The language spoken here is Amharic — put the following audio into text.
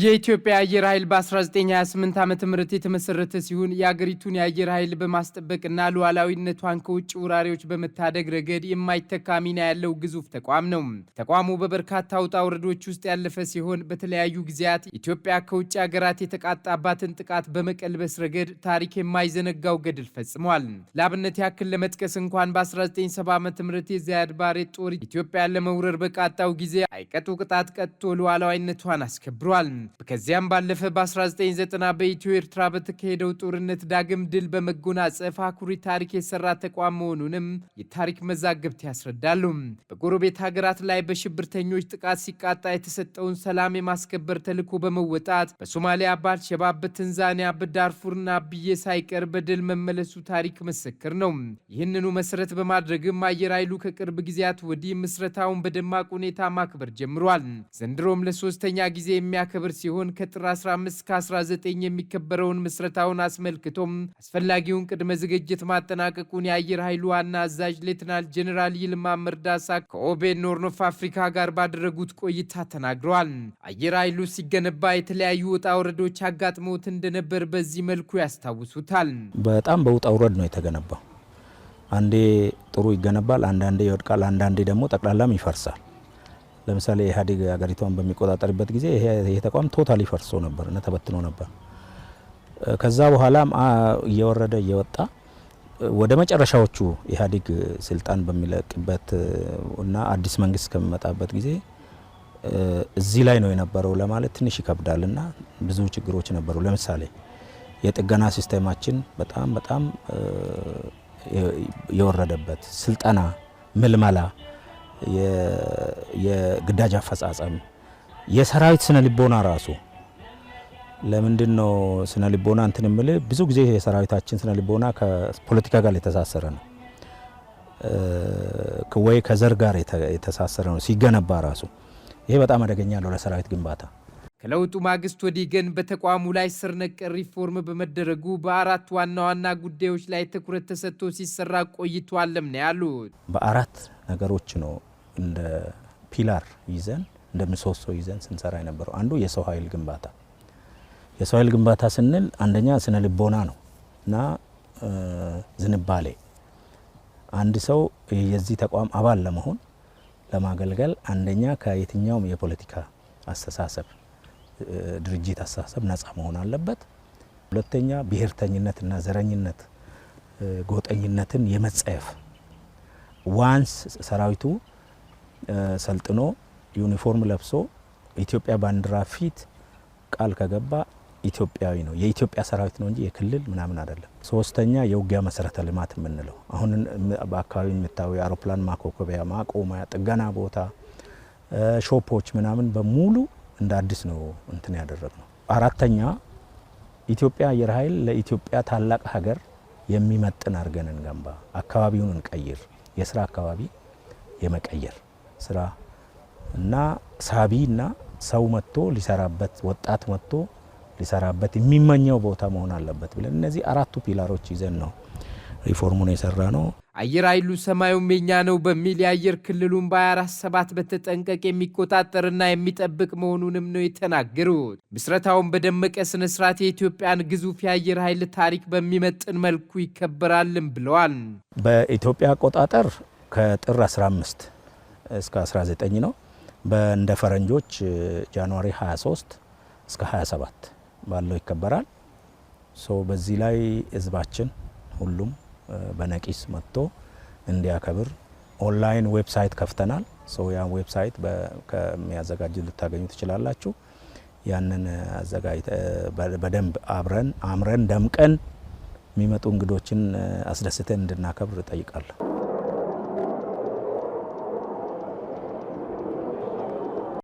የኢትዮጵያ አየር ኃይል በ1928 ዓ ም የተመሰረተ ሲሆን የአገሪቱን የአየር ኃይል በማስጠበቅና ሉዓላዊነቷን ከውጭ ወራሪዎች በመታደግ ረገድ የማይተካ ሚና ያለው ግዙፍ ተቋም ነው። ተቋሙ በበርካታ ውጣ ውረዶች ውስጥ ያለፈ ሲሆን በተለያዩ ጊዜያት ኢትዮጵያ ከውጭ ሀገራት የተቃጣባትን ጥቃት በመቀልበስ ረገድ ታሪክ የማይዘነጋው ገድል ፈጽሟል። ለአብነት ያክል ለመጥቀስ እንኳን በ1970 ዓ ም የዛያድ ባሬ ጦር ኢትዮጵያን ለመውረር በቃጣው ጊዜ አይቀጡ ቅጣት ቀጥቶ ሉዓላዊነቷን አስከብሯል። ከዚያም ባለፈ በ1990 በኢትዮ ኤርትራ በተካሄደው ጦርነት ዳግም ድል በመጎናጸፍ አኩሪ ታሪክ የሰራ ተቋም መሆኑንም የታሪክ መዛግብት ያስረዳሉ። በጎረቤት ሀገራት ላይ በሽብርተኞች ጥቃት ሲቃጣ የተሰጠውን ሰላም የማስከበር ተልዕኮ በመወጣት በሶማሊያ በአልሸባብ፣ በተንዛኒያ፣ በዳርፉርና ብዬ ሳይቀር በድል መመለሱ ታሪክ ምስክር ነው። ይህንኑ መሰረት በማድረግም አየር ኃይሉ ከቅርብ ጊዜያት ወዲህ ምስረታውን በደማቅ ሁኔታ ማክበር ጀምሯል። ዘንድሮም ለሶስተኛ ጊዜ የሚያከብር የሚጀምር ሲሆን ከጥር 15 ከ19 የሚከበረውን ምስረታውን አስመልክቶም አስፈላጊውን ቅድመ ዝግጅት ማጠናቀቁን የአየር ኃይሉ ዋና አዛዥ ሌትናል ጄኔራል ይልማ መርዳሳ ከኦቤን ኖርን ኦፍ አፍሪካ ጋር ባደረጉት ቆይታ ተናግረዋል። አየር ኃይሉ ሲገነባ የተለያዩ ውጣ ውረዶች አጋጥመውት እንደነበር በዚህ መልኩ ያስታውሱታል። በጣም በውጣ ውረድ ነው የተገነባው። አንዴ ጥሩ ይገነባል፣ አንዳንዴ ይወድቃል፣ አንዳንዴ ደግሞ ጠቅላላም ይፈርሳል። ለምሳሌ ኢህአዴግ ሀገሪቷን በሚቆጣጠርበት ጊዜ ይሄ ተቋም ቶታሊ ፈርሶ ነበር እና ተበትኖ ነበር። ከዛ በኋላም እየወረደ እየወጣ ወደ መጨረሻዎቹ ኢህአዴግ ስልጣን በሚለቅበት እና አዲስ መንግስት ከሚመጣበት ጊዜ እዚህ ላይ ነው የነበረው ለማለት ትንሽ ይከብዳል እና ብዙ ችግሮች ነበሩ። ለምሳሌ የጥገና ሲስተማችን በጣም በጣም የወረደበት ስልጠና፣ ምልመላ የግዳጅ አፈጻጸም፣ የሰራዊት ስነ ልቦና ራሱ ለምንድን ነው ስነ ልቦና እንትን ምል ብዙ ጊዜ የሰራዊታችን ስነ ልቦና ከፖለቲካ ጋር የተሳሰረ ነው ወይ ከዘር ጋር የተሳሰረ ነው ሲገነባ ራሱ። ይሄ በጣም አደገኛ ነው ለሰራዊት ግንባታ። ከለውጡ ማግስት ወዲህ ግን በተቋሙ ላይ ስር ነቀል ሪፎርም በመደረጉ በአራት ዋና ዋና ጉዳዮች ላይ ትኩረት ተሰጥቶ ሲሰራ ቆይቷልም ነው ያሉት። በአራት ነገሮች ነው እንደ ፒላር ይዘን እንደ ምሰሶ ይዘን ስንሰራ የነበረው አንዱ የሰው ኃይል ግንባታ። የሰው ኃይል ግንባታ ስንል አንደኛ ስነ ልቦና ነው እና ዝንባሌ። አንድ ሰው የዚህ ተቋም አባል ለመሆን ለማገልገል አንደኛ ከየትኛውም የፖለቲካ አስተሳሰብ ድርጅት አስተሳሰብ ነጻ መሆን አለበት። ሁለተኛ ብሔርተኝነትና ዘረኝነት፣ ጎጠኝነትን የመጸየፍ ዋንስ ሰራዊቱ ሰልጥኖ ዩኒፎርም ለብሶ ኢትዮጵያ ባንዲራ ፊት ቃል ከገባ ኢትዮጵያዊ ነው። የኢትዮጵያ ሰራዊት ነው እንጂ የክልል ምናምን አይደለም። ሶስተኛ የውጊያ መሰረተ ልማት የምንለው አሁን በአካባቢ የምታዩ የአውሮፕላን ማኮኮቢያ፣ ማቆሚያ፣ ጥገና ቦታ፣ ሾፖች ምናምን በሙሉ እንደ አዲስ ነው እንትን ያደረግ ነው። አራተኛ ኢትዮጵያ አየር ኃይል ለኢትዮጵያ ታላቅ ሀገር የሚመጥን አድርገን እንገንባ፣ አካባቢውን እንቀይር፣ የስራ አካባቢ የመቀየር ስራ እና ሳቢ እና ሰው መጥቶ ሊሰራበት ወጣት መጥቶ ሊሰራበት የሚመኘው ቦታ መሆን አለበት ብለን እነዚህ አራቱ ፒላሮች ይዘን ነው ሪፎርሙን የሰራ ነው። አየር ኃይሉ ሰማዩም የኛ ነው በሚል የአየር ክልሉን በ24 ሰባት በተጠንቀቅ የሚቆጣጠርና የሚጠብቅ መሆኑንም ነው የተናገሩት። ምስረታውን በደመቀ ስነ ስርዓት የኢትዮጵያን ግዙፍ የአየር ኃይል ታሪክ በሚመጥን መልኩ ይከበራልም ብለዋል። በኢትዮጵያ አቆጣጠር ከጥር 15 እስከ 19 ነው። እንደ ፈረንጆች ጃንዋሪ 23 እስከ 27 ባለው ይከበራል። ሶ በዚህ ላይ ህዝባችን ሁሉም በነቂስ መጥቶ እንዲያከብር ኦንላይን ዌብሳይት ከፍተናል። ሰው ያ ዌብሳይት ከሚያዘጋጅ ልታገኙ ትችላላችሁ። ያንን አዘጋጅ በደንብ አብረን አምረን ደምቀን የሚመጡ እንግዶችን አስደስተን እንድናከብር እጠይቃለሁ።